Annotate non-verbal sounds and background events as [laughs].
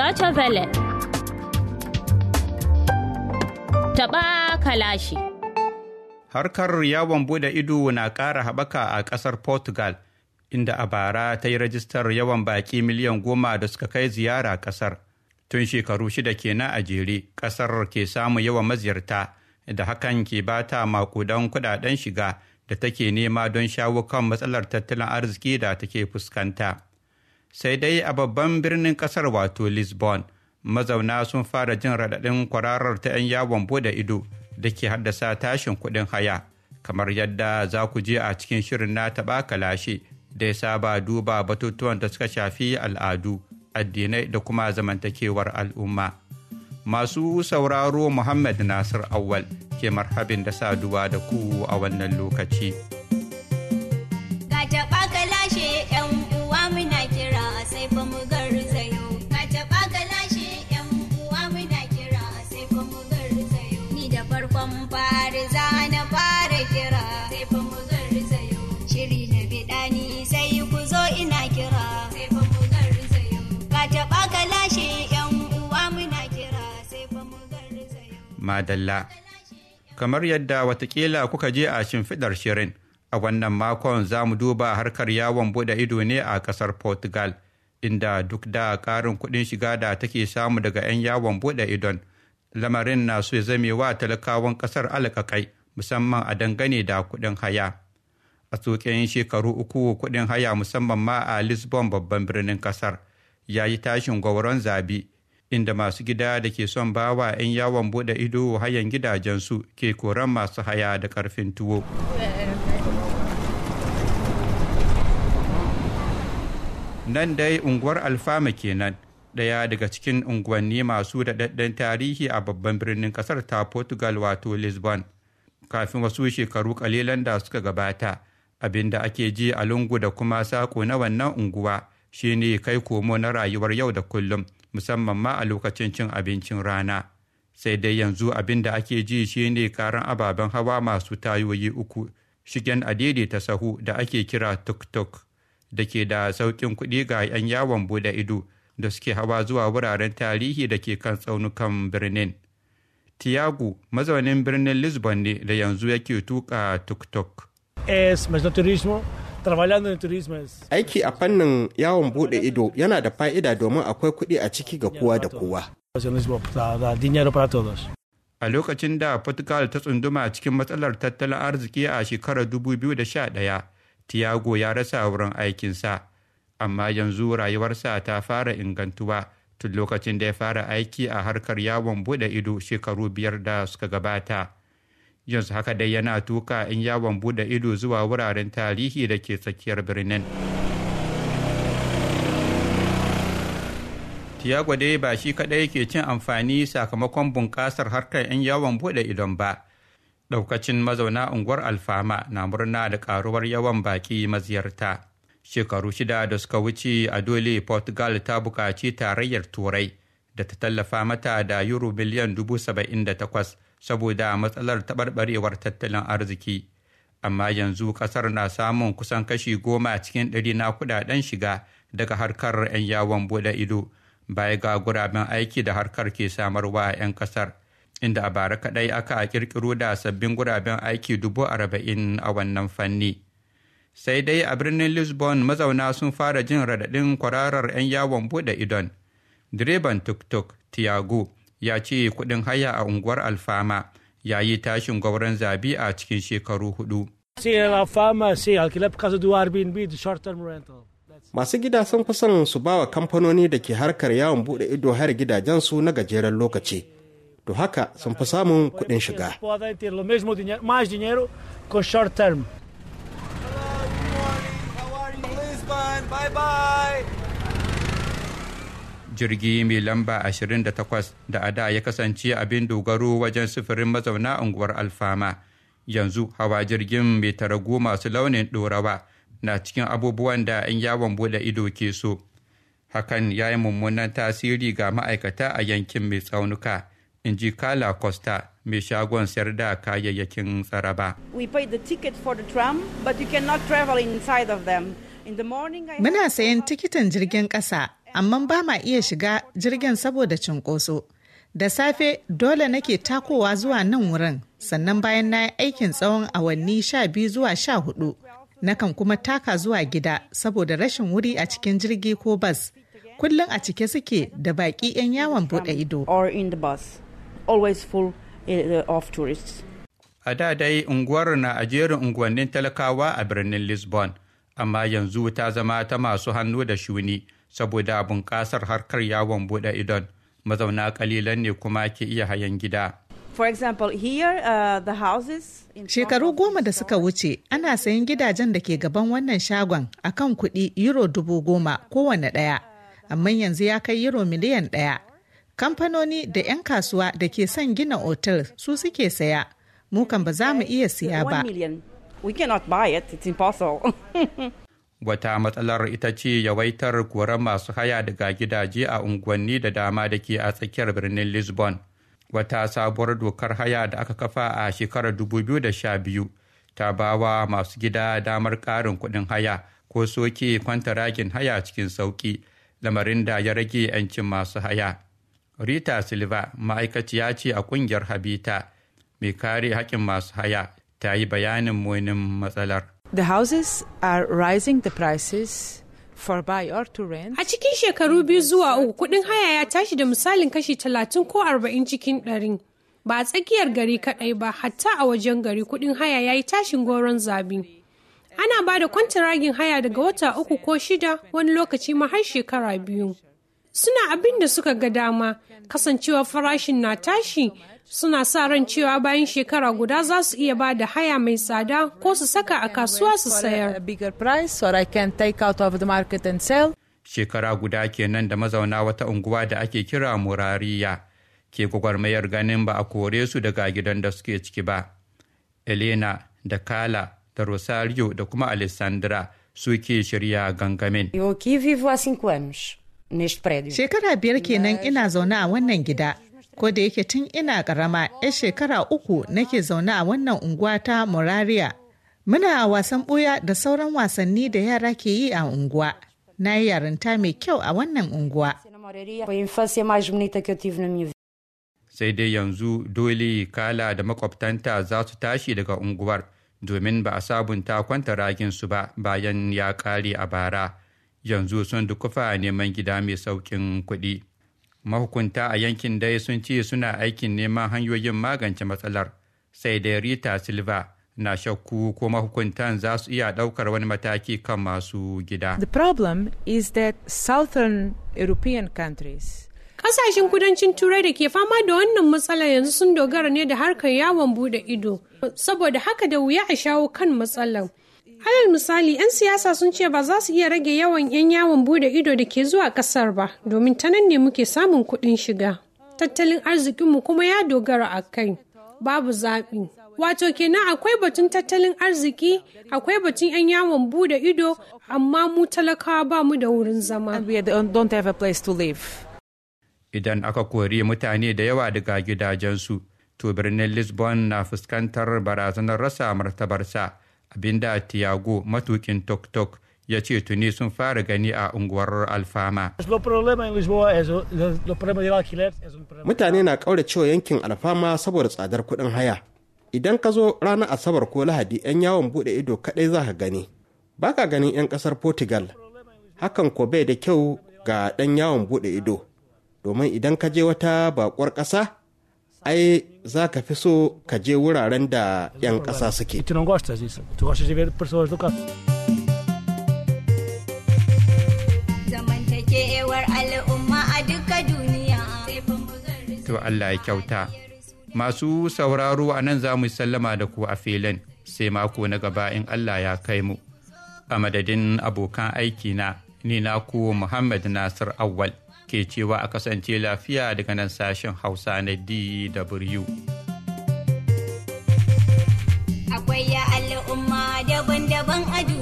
Deutsche Welle. Taɓa kalashi. Harkar yawon bude ido na ƙara haɓaka a ƙasar Portugal, inda a bara ta yi rajistar yawan baƙi miliyan goma da suka kai ziyara ƙasar. Tun shekaru shida kenan a jere, ƙasar ke samun yawan maziyarta, da hakan ke ba bata makudan kuɗaɗen shiga da take nema don shawo kan matsalar tattalin arziki da take fuskanta. sai dai a babban birnin kasar wato lisbon mazauna sun fara jin raɗaɗin kwararar ta 'yan yawon bude ido da ke haddasa tashin kuɗin haya kamar yadda za ku je a cikin shirin na taɓa kalashe da ya saba duba batutuwan da suka shafi al'adu addinai da kuma zamantakewar al'umma masu sauraro muhammad nasir awal ke marhabin da saduwa da ku a wannan lokaci. shaidani sai ku madalla kamar yadda watakila kuka je a shimfiɗar shirin a wannan makon za mu duba harkar yawon bude ido ne a ƙasar portugal inda duk da ƙarin kuɗin shiga da take samu daga 'yan yawon bude idon lamarin na so ya zame wa talakawan ƙasar alkakai musamman a dangane da kuɗin haya a tsoken shekaru uku kuɗin haya musamman ma a lisbon babban birnin kasar ya yi tashin gwauron zabi inda masu gida da ke son bawa 'yan yawon bude ido hayan gidajensu ke koran masu haya da karfin tuwo nan dai unguwar alfama kenan ɗaya daga cikin unguwanni masu daɗaɗɗen tarihi a babban birnin kasar ta portugal wato lisbon kafin wasu shekaru kalilan da suka gabata abin da ake ji a lungu da kuma sako na wannan unguwa shine kai komo na rayuwar yau da kullum musamman ma a lokacin cin abincin rana sai dai yanzu abin da ake ji shine karan ababen hawa masu tayoyi uku shigen ta sahu da ake kira tuk-tuk da ke da sauƙin kuɗi ga 'yan yawon buɗe ido da suke hawa zuwa wuraren tarihi da ke kan tsaunukan birnin tiago mazaunin birnin lisbon ne da yanzu yake tuka tuk-tuk É mas no turismo turismo. Aiki a fannin yawon bude ido yana da fa'ida domin akwai kuɗi a ciki ga kowa da kowa. A lokacin da Portugal ta tsunduma a cikin matsalar tattalin arziki a shekarar 2011, Tiago ya rasa wurin aikinsa, amma yanzu rayuwarsa ta fara ingantuwa tun lokacin da ya fara aiki a harkar yawon bude ido shekaru biyar da suka gabata. yanzu haka dai yana tuka in yawon bude ido zuwa wuraren tarihi da ke tsakiyar birnin tiago dai ba shi kadai ke cin amfani sakamakon bunƙasar harkar 'yan yawon bude idon ba ɗaukacin mazauna unguwar alfama na murna da ƙaruwar yawan baki maziyarta shekaru shida da suka wuce a dole portugal ta buƙaci tarayyar turai da ta tallafa mata da euro miliyan dubu takwas saboda matsalar taɓarɓarewar tattalin arziki amma yanzu ƙasar na samun kusan kashi goma cikin ɗari na kuɗaɗen shiga daga harkar 'yan yawon buɗe ido baya ga guraben aiki da harkar ke samarwa a 'yan ƙasar inda a bara kaɗai aka ƙirƙiro da sabbin guraben aiki dubu arba'in a wannan fanni sai dai a birnin lisbon mazauna sun fara jin raɗaɗin kwararar 'yan yawon buɗe idon direban tuk-tuk tiago ya ce kuɗin haya a unguwar alfama ya yi tashin gwauron zabi a cikin shekaru hudu. Masu gida sun fi su ba wa kamfanoni da ke harkar yawon bude ido har gidajensu na gajeren lokaci. To haka sun fi samun kuɗin shiga. Bye bye. jirgi mai lamba 28 da a da ya kasance abin dogaro wajen sufurin mazauna unguwar alfama yanzu hawa jirgin mai tarago masu launin ɗorawa na cikin abubuwan da 'yan yawon bude ido ke so hakan ya yi mummunan tasiri ga ma'aikata a yankin mai tsaunuka in ji kala costa mai shagon sayar da kayayyakin tsaraba. Muna sayan tikitin jirgin ƙasa, amma ba ma iya shiga jirgin saboda cinkoso. Da safe dole nake takowa zuwa nan wurin, sannan bayan na yi aikin tsawon awanni sha biyu zuwa sha hudu. Nakan kuma taka zuwa gida saboda rashin wuri a cikin jirgi ko bas. Kullum a cike suke da baƙi 'yan yawon buɗe ido. Eh, a da dai unguwar na a jerin unguwannin talakawa a birnin Lisbon, amma yanzu ta zama ta masu hannu da shuni. saboda kasar harkar yawon bude idon mazauna kalilan ne kuma ke iya hayan gida. For example, here uh, houses Shekaru goma da suka wuce ana sayan gidajen da ke gaban wannan shagon a kan kuɗi euro dubu goma kowane ɗaya, amma yanzu ya kai euro miliyan ɗaya. Kamfanoni da 'yan kasuwa da ke son gina otal su suke saya, mukan ba za mu iya siya ba. We cannot it, it's impossible. [laughs] wata matsalar ita ce yawaitar koran masu haya daga gidaje a unguwanni da dama da ke a tsakiyar birnin lisbon wata sabuwar dokar haya da aka kafa a shekarar 2012 ta bawa masu gida damar ƙarin kuɗin haya ko soke kwantaragin haya cikin sauƙi lamarin da ya rage 'yancin masu haya rita silva ma'aikaciya ce a ƙungiyar habita mai kare haƙƙin masu haya ta yi bayanin munin matsalar The houses are rising the prices for buy or A cikin shekaru biyu zuwa uku kudin haya ya tashi da misalin kashi talatin ko arba'in cikin ɗari. Ba a tsakiyar gari kaɗai ba, hatta a wajen gari kudin haya ya yi tashin goron zabi. Ana ba da kwantaragin haya daga wata uku ko shida wani lokaci ma har shekara biyu. Suna abin da suka ga dama, kasancewa farashin na tashi suna sa ran cewa bayan shekara guda za su iya ba da haya mai tsada ko su saka a kasuwa su sayar. Shekara guda kenan da mazauna wata unguwa da ake kira murariya ke gwagwarmayar ganin ba a kore su daga gidan da suke ciki ba. Elena da Kala da Rosario da kuma Alessandra suke shirya gangamin. Shekara biyar kenan ina zaune a wannan gida ko da yake tun ina karama 'yar shekara uku nake zaune a wannan unguwa ta murariya muna wasan ɓuya da sauran wasanni da yara ke yi a unguwa na yi yarinta mai kyau a wannan unguwa sai dai yanzu dole kala da makwabtanta za su tashi daga unguwar domin ba a sabunta kwanta ragin su ba bayan ya kare a bara yanzu sun dukufa neman gida mai saukin kuɗi. mahukunta a yankin dai sun ce suna aikin neman hanyoyin magance matsalar sai dai rita silva na shakku ko mahukuntan za su iya daukar wani mataki kan masu gida the problem is that southern european countries Kasashen kudancin Turai da ke fama da wannan matsala yanzu sun dogara ne da harkar yawon bude ido, saboda haka da wuya a shawo kan matsalar. halar misali, 'yan siyasa sun ce ba za su iya rage yawan 'yan yawon bude ido da ke zuwa kasar ba, domin ta nan ne muke samun kuɗin shiga. Tattalin arzikinmu kuma ya dogara a kai, babu zaɓi. Wato kenan akwai batun tattalin arziki, akwai batun 'yan yawon bude ido, amma mu talakawa ba mu da wurin zama. Um, Idan aka kori mutane da yawa daga gidajensu, to birnin Lisbon na fuskantar barazanar rasa martabarsa. abinda tiago matukin tok-tok ya ce tuni sun fara gani a unguwar alfama. Um Mutane na cewa yankin alfama saboda tsadar kuɗin haya. Idan ka zo ranar Asabar ko Lahadi 'yan yawon buɗe ido kaɗai za ka gani. Ba ka ganin 'yan ƙasar Portugal. Hakan ko bai da kyau ga ɗan yawon buɗe ido. Domin idan ka je wata baƙuwar ƙasa, ai za ka fi so ka je wuraren da 'yan ƙasa suke. E Zamantakewar To Allah ya kyauta. Masu sauraro a nan za mu sallama da ku a filin sai mako na gaba in Allah ya kai mu. A madadin abokan aiki na, ni na ku Muhammad Nasir Awwal. ke cewa a kasance lafiya daga nan sashen hausa na DW. Akwai ya al'umma daban-daban a duniya.